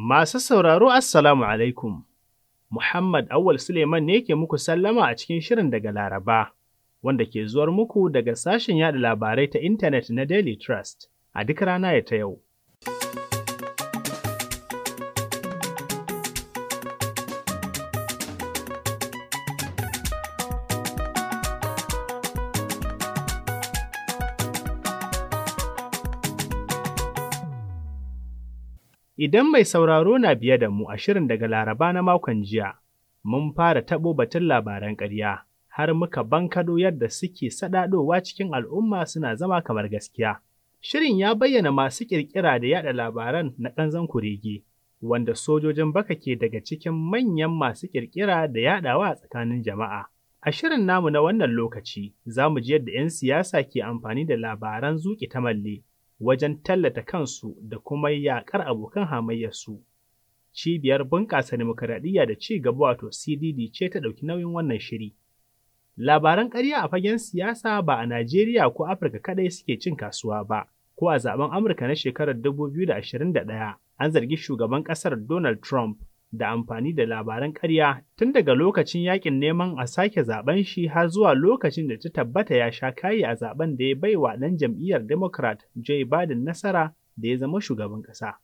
Masu sauraro Assalamu alaikum, Muhammad Awal Suleiman ne ke muku sallama a cikin shirin daga Laraba, wanda ke zuwar muku daga sashen yaɗa labarai ta intanet na Daily Trust a duk rana ta yau. Idan mai sauraro na biye da mu a shirin daga Laraba na makon jiya, mun fara taɓo batun labaran ƙarya, har muka bankado yadda suke saɗaɗowa cikin al'umma suna zama kamar gaskiya. Shirin ya bayyana masu ƙirƙira da yaɗa labaran na ƙanzan kurege, wanda sojojin baka ke daga cikin manyan masu ƙirƙira da yaɗawa a tsakanin jama'a. A shirin namu na wannan lokaci, za mu ji yadda 'yan siyasa ke amfani da labaran zuƙi ta malle wajen tallata kansu da kuma yaƙar abokan hamayyarsu. Cibiyar Bunƙasa Dimokuraɗiyya da Ci Gaba wato CDD ce ta ɗauki nauyin wannan shiri. Labaran ƙarya a fagen siyasa ba a Najeriya ko Afirka kaɗai suke cin kasuwa ba, ko a zaben Amurka na shekarar 2021 an zargi shugaban ƙasar Donald Trump da amfani da labaran karya, tun daga lokacin yakin neman a sake zaben shi har zuwa lokacin da ta tabbata ya sha kayi a zaben da ya bai wa ɗan jam'iyyar Democrat Joe Biden nasara da ya zama shugaban ƙasa.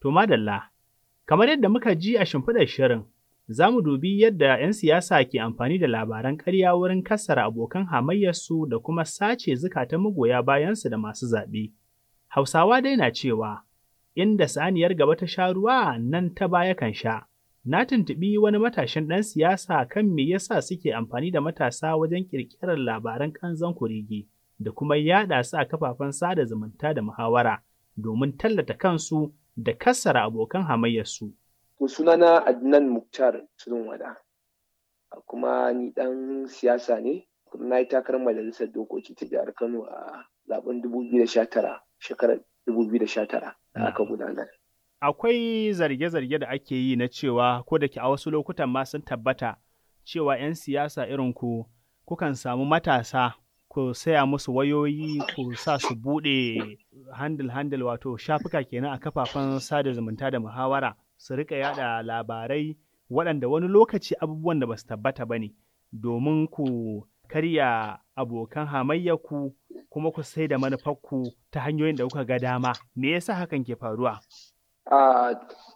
To madalla Kamar yadda muka ji a shimfiɗar shirin, za mu dubi yadda 'yan siyasa ke amfani da labaran ƙarya wurin kassara abokan hamayyarsu da kuma sace zukatan magoya bayansu da masu zaɓe. Hausawa dai na cewa, inda saniyar gaba ta sha ruwa nan ta baya kan sha. Na tuntuɓi wani matashin ɗan siyasa kan me yasa suke amfani da matasa wajen ƙirƙirar labaran ƙanzon kurege da kuma yaɗa su a kafafen sada zumunta da muhawara domin tallata kansu da kassara abokan hamayyarsu. To sunana Adnan Muktar wada. kuma ni ɗan siyasa ne, kuma na yi takarar majalisar dokoki ta jihar Kano a zaben 2019, shekarar 2019 aka gudanar. Akwai zarge-zarge da ake yi na cewa ko da ke a wasu lokutan ma sun tabbata cewa 'yan siyasa irin ku kukan samu matasa ku saya musu wayoyi ku sa su buɗe handle-handle wato shafuka kenan a kafafen sada zumunta da muhawara su rika yada labarai waɗanda wani lokaci abubuwan da ba su tabbata ba ne domin ku karya abokan hamayyaku kuma ku sai da manufarku ta hanyoyin da kuka ga dama me yasa hakan ke faruwa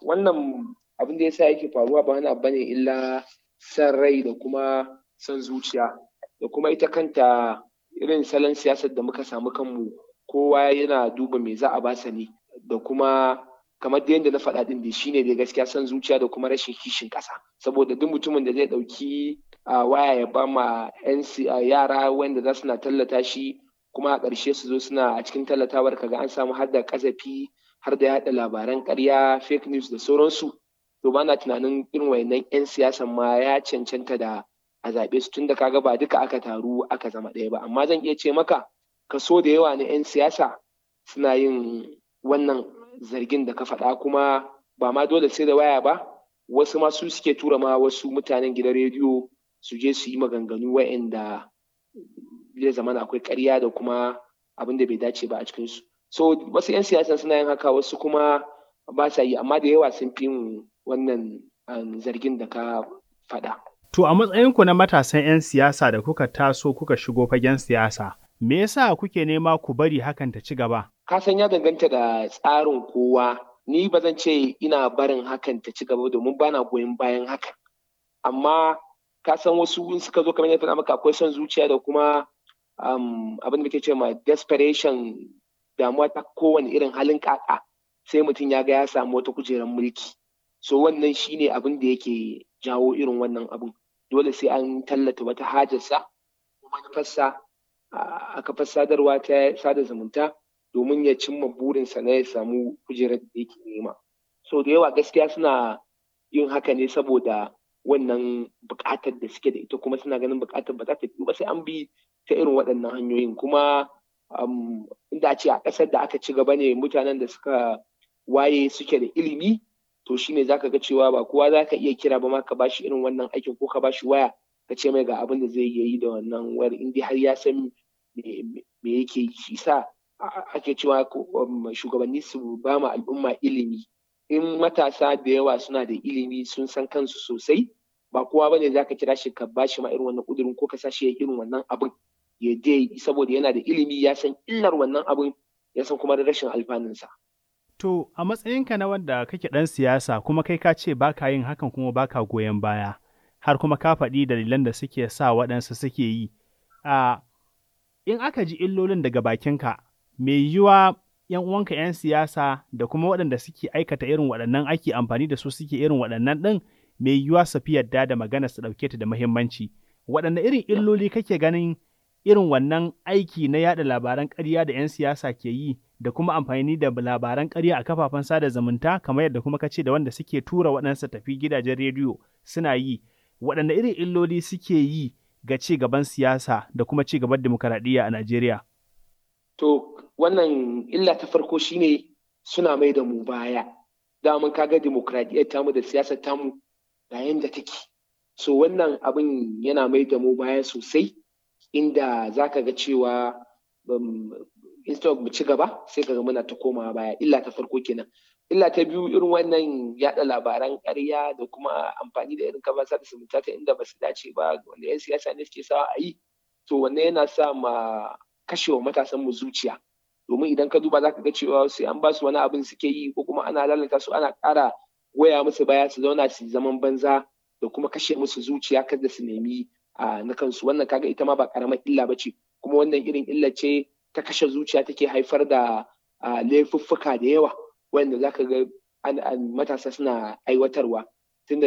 wannan abin da yasa yake faruwa ba wani abu ne illa san rai da kuma san zuciya da kuma ita kanta irin salon siyasar da muka samu kanmu kowa yana duba me za a basa ne da kuma kamar da yadda na faɗa ɗin da shine da gaskiya son zuciya da kuma rashin kishin ƙasa saboda duk mutumin da zai ɗauki a waya ya ba ma yara wanda za su na tallata shi kuma a ƙarshe su zo suna a cikin tallatawar kaga an samu har da ƙazafi har da yaɗa labaran ƙarya fake news da sauransu to ba na tunanin irin wayannan 'yan siyasan ma ya cancanta da a zaɓe su tunda kaga ba duka aka taru aka zama ɗaya ba amma zan iya ce maka kaso da yawa na 'yan siyasa suna yin wannan zargin da ka faɗa kuma ba ma dole sai da waya ba wasu ma su suke tura ma wasu mutanen gidan rediyo su je su yi maganganu wa'anda ya zamana akwai ƙarya da kuma abin da bai dace ba a cikin su so wasu 'yan siyasa suna yin haka wasu kuma ba sa yi amma da yawa sun fi yin wannan um, zargin da ka faɗa. To a matsayinku na matasan 'yan siyasa da kuka taso kuka shigo fagen siyasa, me yasa kuke nema ku bari hakan ta ci gaba? Kasan ya danganta da tsarin kowa, ni ba zan ce ina barin hakan ta ci gaba domin bana goyon bayan hakan. Amma kasan wasu in suka zo kamar yadda maka akwai son zuciya da kuma abin da ke ce ma desperation damuwa ta kowane irin halin kaka sai mutum ya ga ya samu wata kujerar mulki. So wannan shine abin da yake jawo irin wannan abu. dole sai an tallata wata hajarsa ko manufarsa a kafar sadarwa ta sada zumunta domin ya cimma burinsa na ya samu kujerar da yake nema so da yawa gaskiya suna yin haka ne saboda wannan bukatar da suke da ita kuma suna ganin bukatar ba za ta ba sai an bi ta irin waɗannan hanyoyin kuma inda a ce a ƙasar da aka ci gaba ne mutanen da suka waye suke da ilimi to shine zaka ga cewa ba kowa zaka iya kira ba ma ka bashi irin wannan aikin ko ka bashi waya ka ce mai ga abin da zai iya yi da wannan wayar in har ya san me yake yi shi sa ake cewa um, shugabanni su ba ma al'umma ilimi in matasa da yawa suna da ilimi sun san kansu sosai ba kowa bane zaka kira shi ka bashi ma irin wannan kudurin ko ka sa shi ya irin wannan abin ya dai saboda yana da ilimi ya san illar wannan abin ya san kuma da rashin alfanunsa. To, a matsayinka na wanda kake ɗan siyasa kuma kai ka ce ba ka yin hakan kuma ba ka goyon baya, har kuma ka faɗi dalilan da suke sa waɗansu suke yi. A in aka ji illolin daga bakinka, mai yiwa ‘yan uwanka ‘yan siyasa da kuma waɗanda suke aikata irin waɗannan ake amfani da su suke irin waɗannan ɗin, mai yiwa su fi yadda da magana su ɗauke ta da muhimmanci. Waɗanne irin illoli kake ganin irin wannan aiki na yada labaran ƙarya da 'yan siyasa ke yi da kuma amfani da labaran ƙarya a kafafen sada zumunta kamar yadda kuma ka ce da wanda suke tura waɗansa tafi gidajen rediyo suna yi waɗanne irin illoli suke yi ga ci gaban siyasa da kuma ci gaban dimokuraɗiyya a Najeriya? To wannan illa ta farko shine suna mai da mu baya. mun kaga demokaradiyyar tamu da siyasa tamu ga yanda take. So wannan abin yana mai da mu baya sosai inda za ka ga cewa um, instagram mu ci gaba sai ka ga muna ta komawa baya illa ta farko kenan illa ta biyu irin wannan yada labaran karya da kuma amfani da irin kafa sada zumunta ta inda ba su dace ba wanda 'yan siyasa ne suke sawa a yi to wannan yana sa ma kashewa matasan mu zuciya domin idan ka duba za ka ga cewa sai an ba su wani abin suke yi ko kuma ana lalata su ana kara waya musu baya su zauna su zaman banza da kuma kashe musu zuciya kada su nemi na kansu wannan kaga ita ma ba karamar illa ba ce kuma wannan irin illa ce ta kashe zuciya take haifar da laifuffuka da yawa wanda za ka ga matasa suna aiwatarwa tunda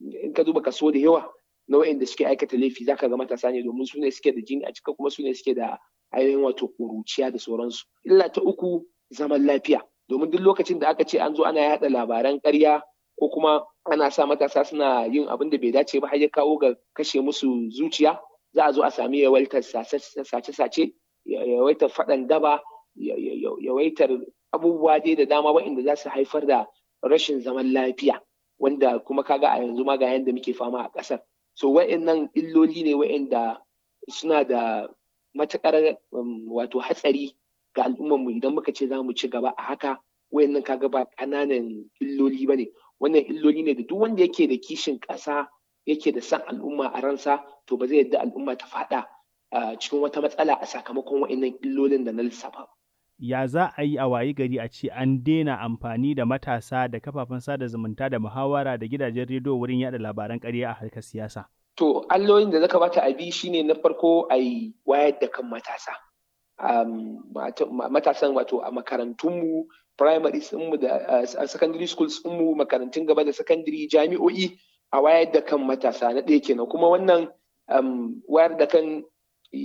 in ka duba kaso da yawa na wa'inda suke aikata laifi za ka ga matasa ne domin su ne suke da jini a cika kuma su ne suke da ainihin wato kuruciya da sauransu illa ta uku zaman lafiya domin duk lokacin da aka ce an zo ana yada labaran ƙarya ko kuma ana sa matasa suna yin abin da bai dace ba har ya kawo ga kashe musu zuciya za a zo a sami yawaitar sace-sace yawaitar faɗan daba yawaitar abubuwa dai da dama waɗanda za su haifar da rashin zaman lafiya wanda kuma kaga a yanzu ma ga yanda muke fama a ƙasar so waɗannan illoli ne waɗanda suna da matakar um, wato hatsari ga al'ummar mu idan muka ce za mu ci gaba a haka wayannan kaga ba ƙananan illoli ba ne wannan illoli ne da duk wanda yake da kishin ƙasa yake da san al'umma a ransa to ba zai yadda al'umma ta faɗa cikin wata matsala a sakamakon wa'annan illolin da na lissafa. Ya za a yi a wayi gari a ce an daina amfani da matasa da kafafen sada zumunta da muhawara da gidajen rediyo wurin yada labaran ƙarya a harkar siyasa. To, allolin da zaka bata a bi shine na farko a yi wayar da kan matasa. matasan wato a makarantunmu primary mu da secondary schools mu makarantun gaba da secondary jami'o'i a wayar da kan matasa na ɗaya kenan kuma wannan um, wayar da kan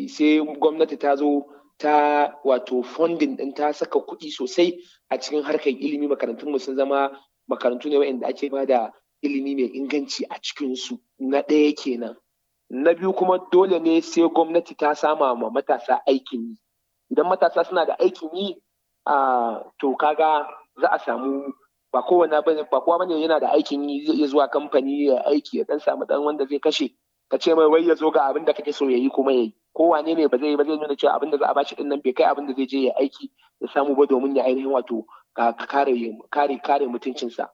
sai gwamnati ta zo ta wato funding din ta saka kuɗi sosai a cikin harkar ilimi makarantun mu sun zama makarantu ne waɗanda ake ba da ilimi mai inganci a cikinsu na ɗaya kenan na biyu kuma dole ne sai gwamnati ta sama ma matasa aikin yi idan matasa suna da aikin yi to kaga za a samu ba kowane bane ba kowa bane yana da aikin yi zai zuwa kamfani ya aiki ya dan samu dan wanda zai kashe ka ce mai wai ya zo ga abin da kake so ya yi kuma ya yi kowane ne ba zai ba zai nuna cewa abin da za a bashi din nan bai kai abin da zai je ya aiki ya samu ba domin ya ainihin wato kare kare kare mutuncinsa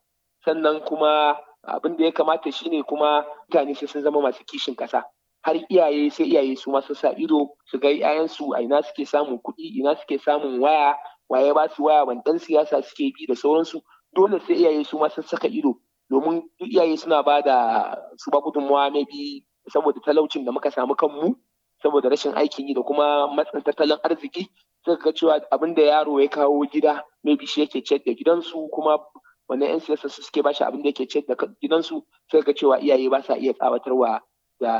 sannan kuma abin da ya kamata shine kuma mutane sai sun zama masu kishin kasa har iyaye sai iyaye su ma sun sa ido su ga 'ya'yansu a ina suke samun kuɗi ina suke samun waya waye ba su waya ban dan siyasa suke bi da sauransu dole sai iyaye su ma sun saka ido domin duk iyaye suna ba da su ba gudunmawa mai bi saboda talaucin da muka samu kanmu saboda rashin aikin yi da kuma matsin tattalin arziki suka ga cewa abin da yaro ya kawo gida mai bi shi yake ciyar da gidansu kuma wannan 'yan siyasa su suke bashi abin da yake ciyar da gidansu suka ga cewa iyaye ba sa iya tsawatarwa da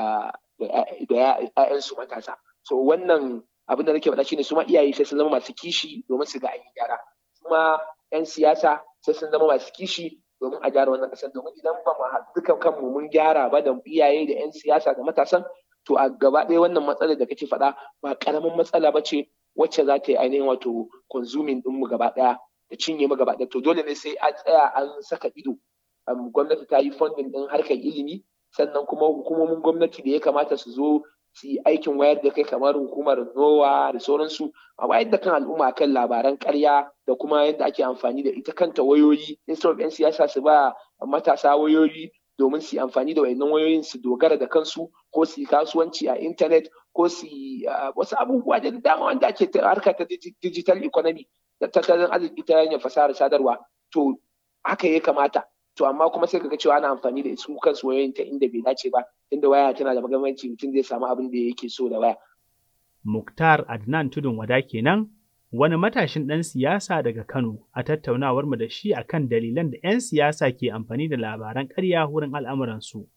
da 'ya'yansu matasa so wannan abin da nake faɗa shine su ma iyaye sai sun zama masu kishi domin su ga an yi gyara kuma yan siyasa sai sun zama masu kishi domin a gyara wannan ƙasar domin idan ba mu dukan kanmu mun gyara ba da iyaye da yan siyasa da matasan to a gaba ɗaya wannan matsalar da kake faɗa ba ƙaramin matsala ba ce wacce za ta yi ainihin wato consuming ɗinmu gaba ɗaya da cinye mu gaba ɗaya to dole ne sai an tsaya an saka ido gwamnati ta yi funding ɗin harkar ilimi sannan kuma hukumomin gwamnati da ya kamata su zo su yi aikin wayar da kai kamar hukumar nowa da sauransu a wayar da kan al'umma kan labaran karya da kuma yadda ake amfani da ita kanta wayoyi instead of 'yan siyasa su ba matasa wayoyi domin su yi amfani da wayannan wayoyin su dogara da kansu ko su yi kasuwanci a intanet ko su yi ah, wasu abubuwa da dama wanda ake harka ta digital economy da tattalin arziki ta hanyar fasahar sadarwa to haka ya kamata to amma kuma sai kaga cewa ana amfani da su kansu wayoyin ta inda bai dace ba inda waya tana da magamanci mutum zai samu abin da yake so da waya. Muktar Adnan Tudun Wada kenan wani matashin ɗan siyasa daga Kano a tattaunawar mu da shi akan dalilan da 'yan siyasa ke amfani da labaran ƙarya wurin al'amuransu.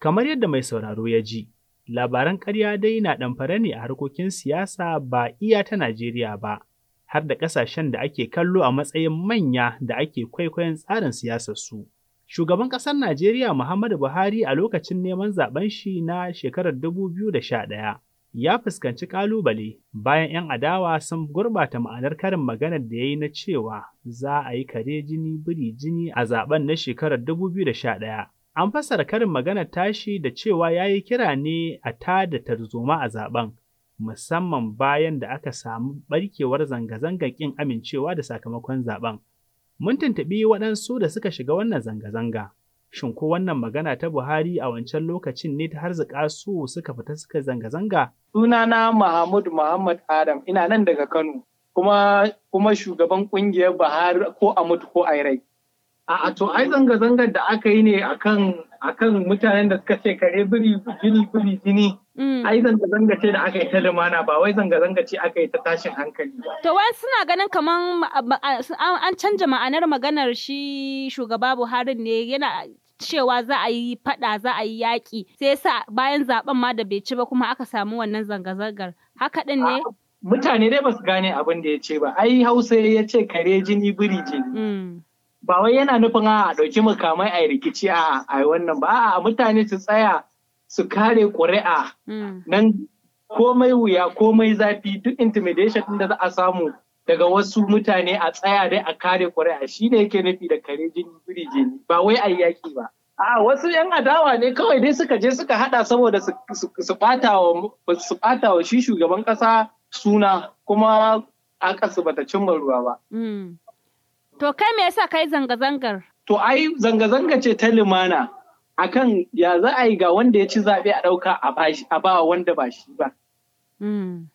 Kamar yadda mai sauraro ya ji, labaran ƙarya dai na ɗamfare ne a harkokin siyasa ba iya ta Najeriya ba. har da ƙasashen da ake kallo a matsayin manya da ake kwaikwayon tsarin su. Shugaban ƙasar Najeriya Muhammadu Buhari a lokacin neman zaben shi na shekarar 2011 ya fuskanci ƙalubale bayan 'yan adawa sun gurbata ma'anar karin maganar da ya yi na cewa za a yi kare jini biri jini a zaben na shekarar 2011. An fasara karin maganar tashi da cewa ya yi kira ne a tada tarzoma a zaben. musamman bayan da aka samu barkewar zanga-zangar ƙin amincewa da sakamakon zaben. Mun tuntuɓi waɗansu da suka shiga wannan zanga-zanga. Shin ko wannan magana ta Buhari a wancan lokacin ne ta harzika su suka fita suka zanga-zanga? Sunana Mahmud Muhammad Adam, ina nan daga Kano, kuma kuma shugaban ƙungiyar Buhari ko a ko Airai. A'a to ai zanga-zangar da aka yi ne akan akan mutanen da suka ce kare biri biri jini. Mm. Ai zanga-zanga ce da aka yi ta lumana ba wai zanga-zanga ce aka yi ta tashin hankali ba. To wai suna ganin kaman an canja ma'anar maganar shi shugaba Buhari ne yana cewa za a yi fada za a yi yaƙi sai sa bayan zaben ma da bai ci ba kuma aka samu wannan zanga-zangar haka din ne mutane dai ba su gane abin da ya ce ba ai hausa ya ce kare jini biri jini mm. ba wai yana nufin a ɗauki mukamai a rikici a wannan ba a mutane su tsaya su kare ƙuri'a mm. nan komai wuya komai zafi duk intimidation ɗin da za a samu daga wasu mutane a tsaya dai a kare ƙuri'a shi ne yake nufi da kare jini biri jini ba wai a yaƙi ba a wasu yan adawa ne kawai dai suka je suka haɗa saboda su ɓata wa shi shugaban ƙasa suna kuma aka su bata cimma ruwa ba. Mm. To kai me yasa kai zanga-zangar? To ai zanga-zanga ce ta limana. akan ya za a yi ga wanda ya ci zaɓe a ɗauka a ba wanda ba shi ba. Hmm.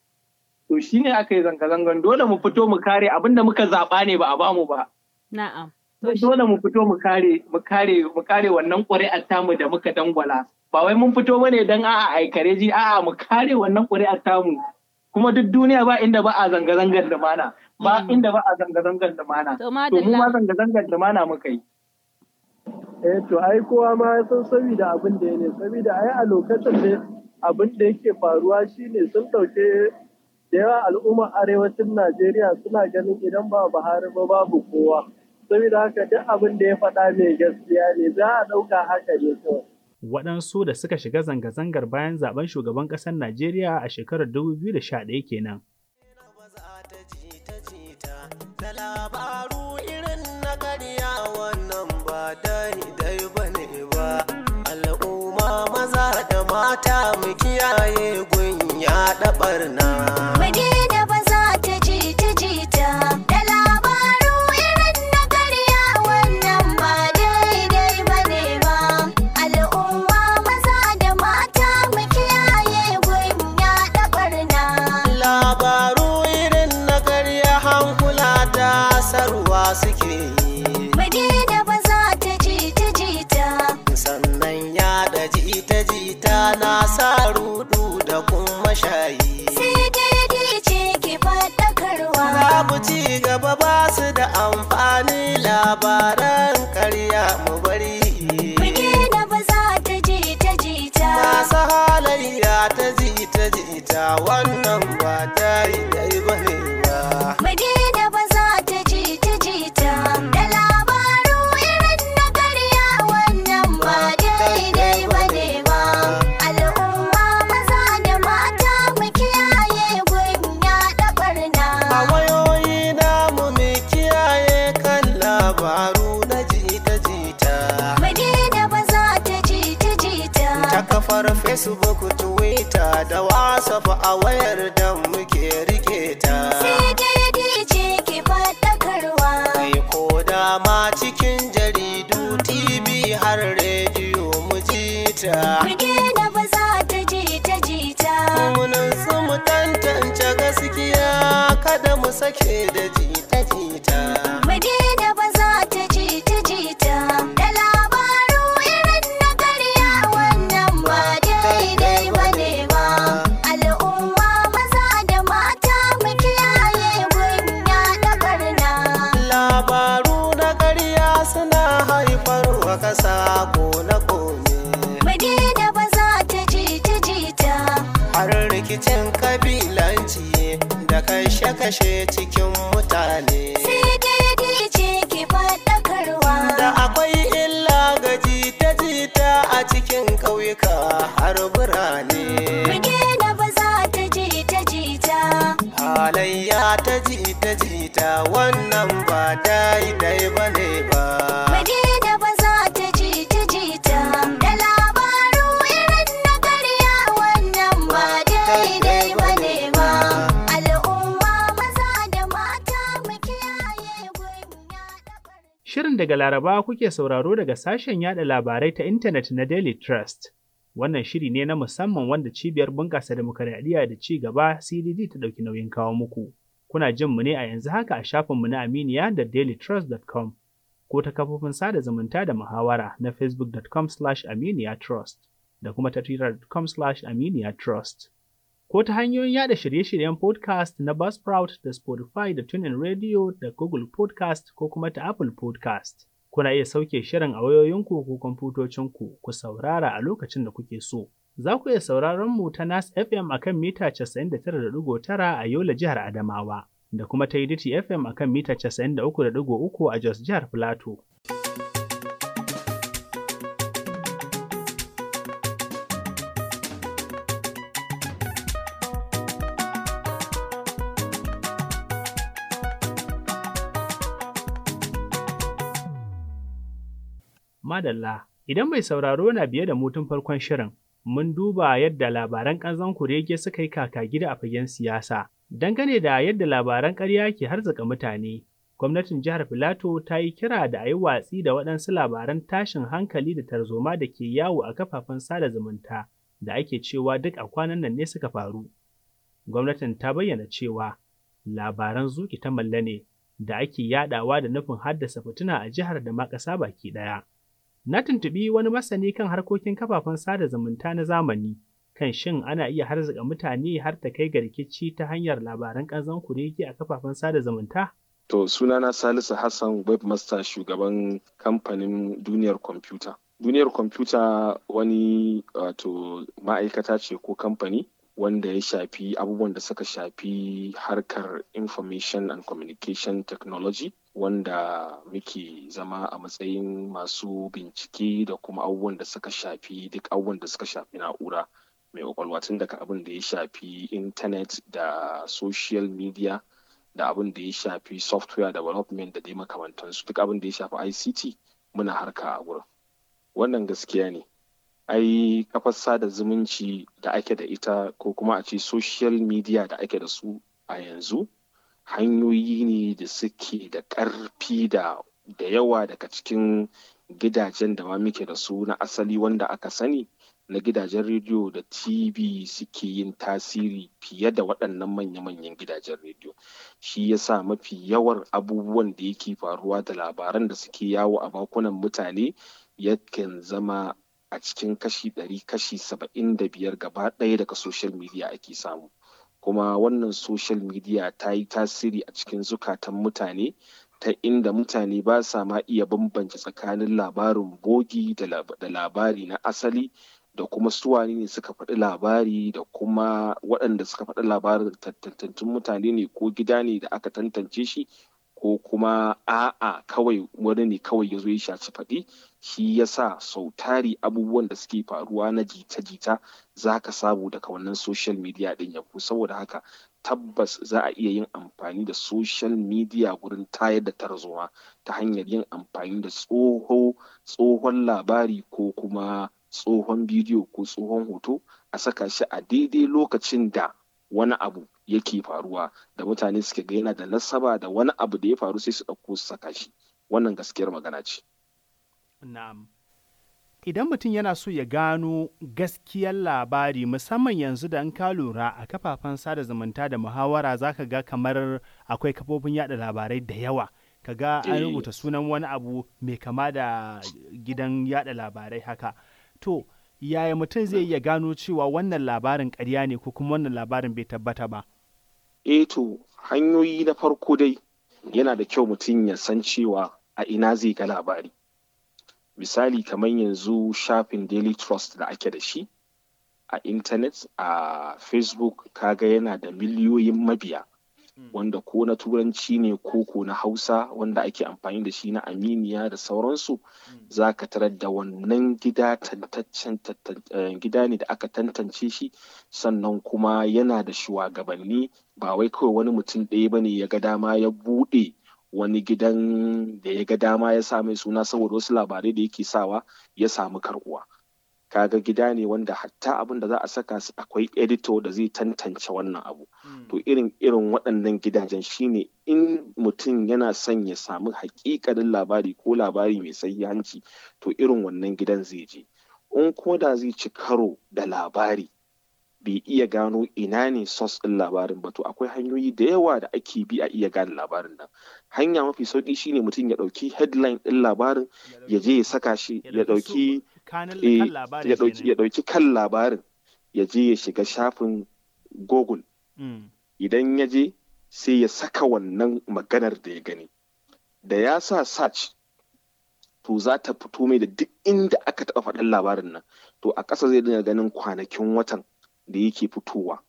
To shi ne aka yi zanga-zangan dole mu fito mu kare abinda muka zaɓa ne ba a ba mu ba. Na'am. Dole mu fito mu kare mu kare mu kare wannan ƙuri'ar tamu da muka dangwala. Ba wai mun fito bane don a'a aikare ji a'a mu kare wannan ƙuri'ar tamu. Kuma duk duniya ba inda ba a zanga-zangar lumana. Ba hmm. inda ba a zanga-zangar lumana. To mu ma zanga-zangar lumana muka yi. eh to ai kowa ma ya san saboda abin da ya ne saboda ai a lokacin da abin da yake faruwa shine sun dauke da yawa al'ummar arewacin Najeriya suna ganin idan ba Buhari ba babu kowa saboda haka duk abin da ya faɗa mai gaskiya ne za a ɗauka haka ne kawai. Waɗansu da suka shiga zanga-zangar bayan zaben shugaban ƙasar Najeriya a shekarar 2011 kenan. da labaru irin na ba daidai ba ne ba al'umma maza da mata mu kiyaye gunya ya ɗabarna labaran ma wayar da muke rike ta sai ce kai ko dama ma cikin jaridu tv har rediyo mu ji ta da ba za ta ji ta ji ta munan su mu tantance gaskiya kada mu sake da jita. wannan ba daidai ba ba. ta ji ta da labaru irin wannan ba daidai ba ne ba. Al'umma maza da mata Shirin daga Laraba kuke sauraro daga sashen yada labarai ta intanet na Daily Trust. Wannan shiri ne na musamman wanda cibiyar bunƙasa demokaradiyya da ci gaba CDD ta ɗauki nauyin kawo muku. Kuna jin mu ne a yanzu haka a shafin mu na Aminiya da dailytrust.com ko ta kafofin sada zumunta da muhawara na facebookcom aminiyatrust da kuma ta twittercom aminiyatrust ko ta hanyoyin yada shirye-shiryen podcast na Buzzsprout da Spotify da Tunin Radio da Google Podcast ko kuma ta Apple Podcast. Kuna iya sauke shirin a wayoyinku ko kwamfutocinku ku saurara a lokacin da kuke so. Za ku iya sauraron mu ta Nas FM akan mita 99.9 a Yola jihar Adamawa da kuma ta Unity FM a mita 93.3 a Jos jihar Plateau. Madalla, idan mai sauraro na biye da mutum farkon shirin, mun duba yadda labaran ƙanzon kurege suka yi kaka gida a fagen siyasa. Dangane da yadda labaran ƙarya ke harzuka mutane, gwamnatin jihar Filato ta yi kira da a yi watsi da waɗansu labaran tashin hankali da tarzoma da ke yawo a kafafen sada zumunta da ake cewa duk a kwanan nan ne suka faru. Gwamnatin ta bayyana cewa labaran zuki ta malla ne da ake yaɗawa da nufin haddasa fituna a jihar da ma ƙasa baki ɗaya. Na tuntubi wani masani kan harkokin kafafen sada zumunta na zamani kan shin ana iya harzika mutane har ta kai ga rikici ta hanyar labaran ƙanzon kuregi a kafafen sada zumunta? To sunana Salisu Hassan webmaster shugaban kamfanin duniyar kwamfuta. Duniyar kwamfuta wani wato ma'aikata ce ko kamfani wanda ya shafi abubuwan da suka shafi harkar information and communication technology wanda muke zama a matsayin masu bincike da kuma abubuwan da suka shafi duk abubuwan da suka shafi na'ura mai kwakwalwa tun daga abin da ya shafi intanet da social media da abin da ya shafi software development da dai makamantansu duk abin da ya shafi ict muna harka a wurin wannan gaskiya ne ai kafar sada zumunci da ake da ita ko kuma a ce social media da ake da su a yanzu hanyoyi ne da suke da ƙarfi da yawa daga cikin gidajen da ma muke da su na asali wanda aka sani na gidajen rediyo da tv suke yin tasiri fiye da waɗannan manya-manyan gidajen rediyo shi ya sa mafi yawar abubuwan da yake faruwa da labaran da suke yawo a bakunan mutane yakan zama a cikin kashi ɗari kashi saba'in da biyar gaba ɗaya daga social media ake samu kuma wannan social media ta yi tasiri a cikin zukatan mutane ta inda mutane ba sa ma iya bambance tsakanin labarin bogi da labari na asali da kuma suwani ne suka faɗi labari da kuma waɗanda suka faɗi labarin tantancin mutane ne ko gida ne da aka tantance shi ko kuma a'a kawai wani ne kawai ya zo ya shaci faɗi shi yasa sau tari abubuwan da suke faruwa na jita-jita za ka samu daga wannan social media ɗin ya ku saboda haka tabbas za a iya yin amfani da social media gurin tayar da tarzoma ta hanyar yin amfani da tsoho tsohon labari ko kuma tsohon bidiyo ko tsohon hoto a saka shi a daidai lokacin da wani abu yake faruwa da mutane suke ga yana da nasaba da wani abu da ya faru sai su ɗauko su saka shi wannan gaskiyar magana ce Na'am. Idan mutum yana so ya gano gaskiyar labari musamman yanzu da in ka lura a kafafen sada zumunta da muhawara za ka ga kamar akwai kafofin yada labarai da yawa. Ka ga an eh. rubuta sunan wani abu mai kama da gidan yada labarai haka. To, yaya mutum zai iya gano cewa wannan labarin karya ne ko kuma wannan labarin bai tabbata ba? Eh to, hanyoyi na farko dai yana da kyau mutum ya san cewa a ina zai ga labari. misali kamar yanzu shafin daily trust da ake da shi a intanet a facebook kaga yana da miliyoyin mabiya hmm. wanda ko na turanci ne ko ko na hausa wanda ake amfani da shi na aminiya da sauransu hmm. za ka tarar da wannan eh, gida ne da aka tantance shi sannan kuma yana da shugabanni ba wai kawai wani mutum ɗaya ba ne ya ga dama ya buɗe wani gidan da ya ga dama ya sa mai suna saboda wasu labarai da yake sawa ya samu karbuwa kaga gida ne wanda hatta abin da za a saka su akwai edito da zai tantance wannan abu hmm. to irin irin waɗannan gidajen shine in mutum yana son ya samu hakikalin labari ko labari mai hanci to irin wannan gidan zai je in ko da zai ci karo da labari bai iya gano ina ne source ɗin labarin ba to akwai hanyoyi da yawa da ake bi a iya gane labarin nan hanya mafi sauki shine mutum ya ɗauki headline ɗin labarin ya je ya saka shi ya dauki eh, ya ɗauki kan labarin ya je ya shiga shafin google mm. idan ya je sai ya saka wannan maganar da ya gani da ya sa search to za ta fito mai da duk inda aka taɓa faɗin labarin nan to a ƙasa zai dinga ganin kwanakin watan da yake fitowa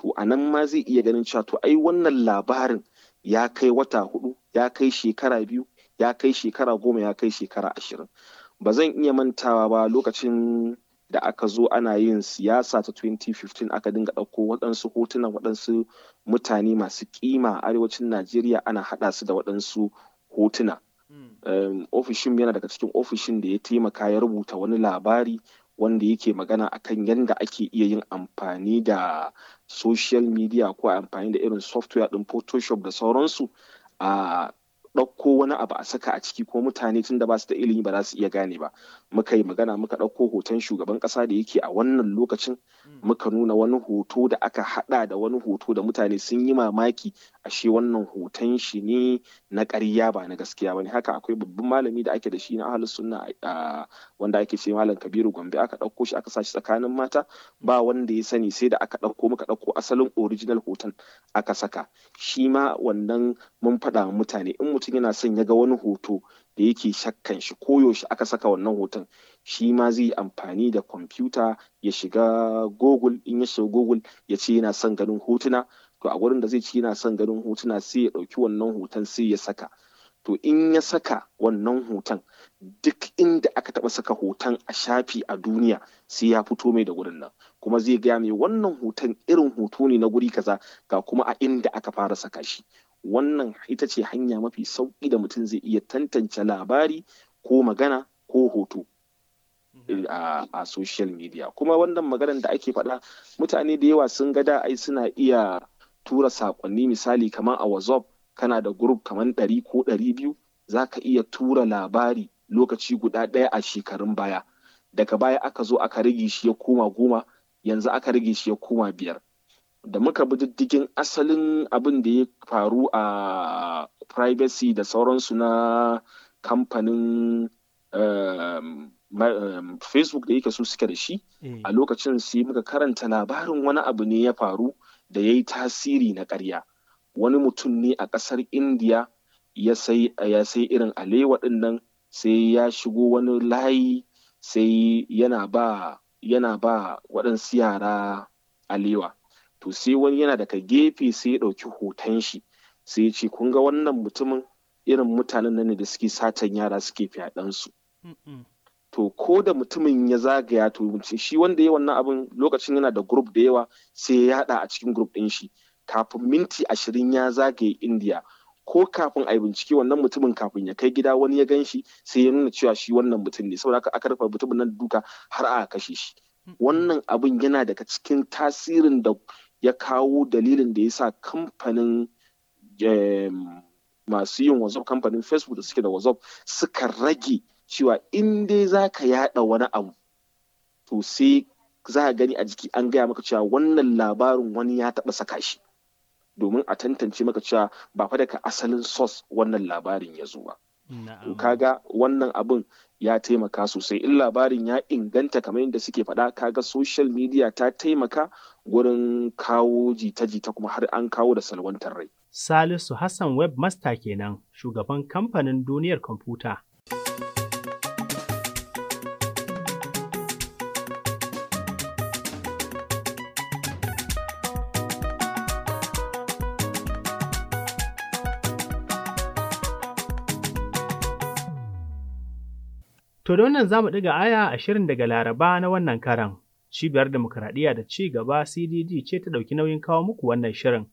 to a nan ma zai iya ganin cewa to ai wannan labarin ya kai wata hudu ya kai shekara biyu ya kai shekara goma ya kai shekara ashirin ba zan iya mantawa ba lokacin da aka zo ana yin siyasa ta 2015 aka dinga ɗauko waɗansu hotunan waɗansu mutane masu kima a arewacin najeriya ana haɗa su da waɗansu hotuna hmm. ofishin yana daga cikin ofishin da ya taimaka ya rubuta wani labari wanda yake magana akan yadda ake iya yin amfani da social media ko amfani da irin software ɗin photoshop da sauransu a ɗauko wani abu a saka a ciki ko mutane tun da ba su da ilimi ba za su iya gane ba muka yi magana muka ɗauko hoton shugaban ƙasa da yake a wannan lokacin mm. muka nuna wani hoto da aka haɗa da wani hoto da mutane sun yi mamaki ashe wannan hoton shi ne na ƙarya ba na gaskiya ba ne haka akwai babban malami da ake da shi na ahal sunna a wanda ake ce malam kabiru gombe aka ɗauko shi aka sa shi tsakanin mata ba wanda ya sani sai da aka ɗauko muka ɗauko asalin original hoton aka saka shi ma wannan mun faɗa mutane in mutum yana son ya ga wani hoto da yake shakkan shi koyaushe aka saka wannan hoton shi ma zai yi amfani da kwamfuta ya shiga google in ya shiga google ya ce yana son ganin hotuna to a wurin da zai ce yana son ganin hotuna sai ya ɗauki wannan hoton sai ya saka to in ya saka wannan hoton duk inda aka taɓa saka hoton a shafi a duniya sai ya fito mai da wurin nan kuma zai gaya mai wannan hoton irin hoto ne na guri kaza ga kuma a inda aka fara saka shi wannan ita ce hanya mafi sauƙi da mutum zai iya tantance labari ko magana ko hoto mhm. a social media kuma wannan maganar da ake faɗa mutane da yawa sun ga da ai suna iya tura saƙonni misali kamar a whatsapp kana da group kamar ɗari ko ɗari biyu za ka iya tura labari lokaci guda ɗaya a shekarun baya daga baya aka zo aka rage shi ya koma goma yanzu aka rage shi ya koma biyar da muka bi diddigin asalin abin da ya faru a privacy da sauransu na kamfanin um, um, facebook da yake so suke da shi eh. a lokacin sai muka karanta labarin wani abu ne ya faru da ya yi tasiri na karya wani mutum ne a kasar indiya ya sai irin alewa din nan sai ya shigo wani layi sai yana ba waɗansu yara alewa to sai wani yana daga gefe sai ya ɗauki hoton shi sai ya ce kun ga wannan mutumin irin mutanen nan da suke satan yara suke fyaɗansu to ko da mutumin ya zagaya to shi wanda ya wannan abin lokacin yana da grup da yawa sai ya yada a cikin grup ɗin shi kafin minti ashirin ya zagaye indiya ko kafin a yi bincike wannan mutumin kafin ya kai gida wani ya gan shi sai ya nuna cewa shi wannan mutum ne saboda aka rufe mutumin nan duka har a kashe shi wannan abin yana daga cikin tasirin da ya kawo dalilin da ya sa kamfanin masu yin whatsapp kamfanin facebook da suke da whatsapp suka rage cewa in dai za ka yada wani abu to sai za a gani a jiki an gaya maka cewa wannan labarin wani ya taba saka shi domin a tantance maka cewa ba fa daga asalin source wannan labarin ya zo ba. kaga wannan abun ya taimaka sosai in labarin ya inganta kamar yadda suke faɗa kaga social media ta taimaka gurin kawo jita-jita kuma har an kawo da salwantar rai. Salisu Hassan Webmaster kenan shugaban kamfanin duniyar kwamfuta. To da wannan za mu ɗiga aya ashirin daga Laraba na wannan karan. Cibiyar Demokuraɗiyya da Ci Gaba CDD ce ta ɗauki nauyin kawo muku wannan shirin.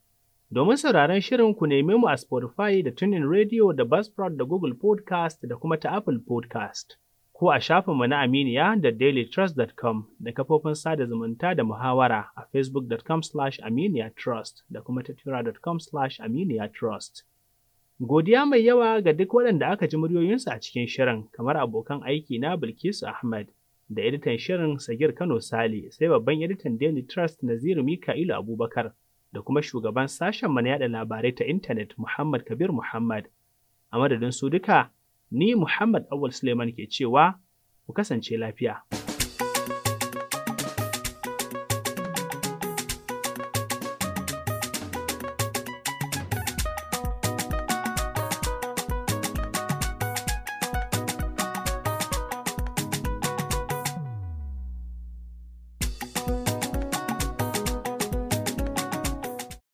Domin sauraron shirin ku neme mu a Spotify da Tunin Radio da Buzzsprout da Google Podcast da kuma ta Apple Podcast. Ko a shafinmu na Aminiya da dailytrust.com da kafofin sada zumunta da muhawara a facebook.com slash aminiyatrust da kuma tattura.com slash aminiyatrust. Godiya mai yawa ga duk waɗanda aka ji muryoyinsu a cikin shirin kamar abokan aiki na Bilkisu Ahmad. da editan shirin Sagir Kano Sale sai babban editan Daily Trust Naziru Mika'ilu Abubakar da kuma shugaban sashen mana yada labarai ta intanet Muhammad Kabir Muhammad. A madadin su duka, ni Muhammad Awal Suleiman ke cewa, ku kasance lafiya.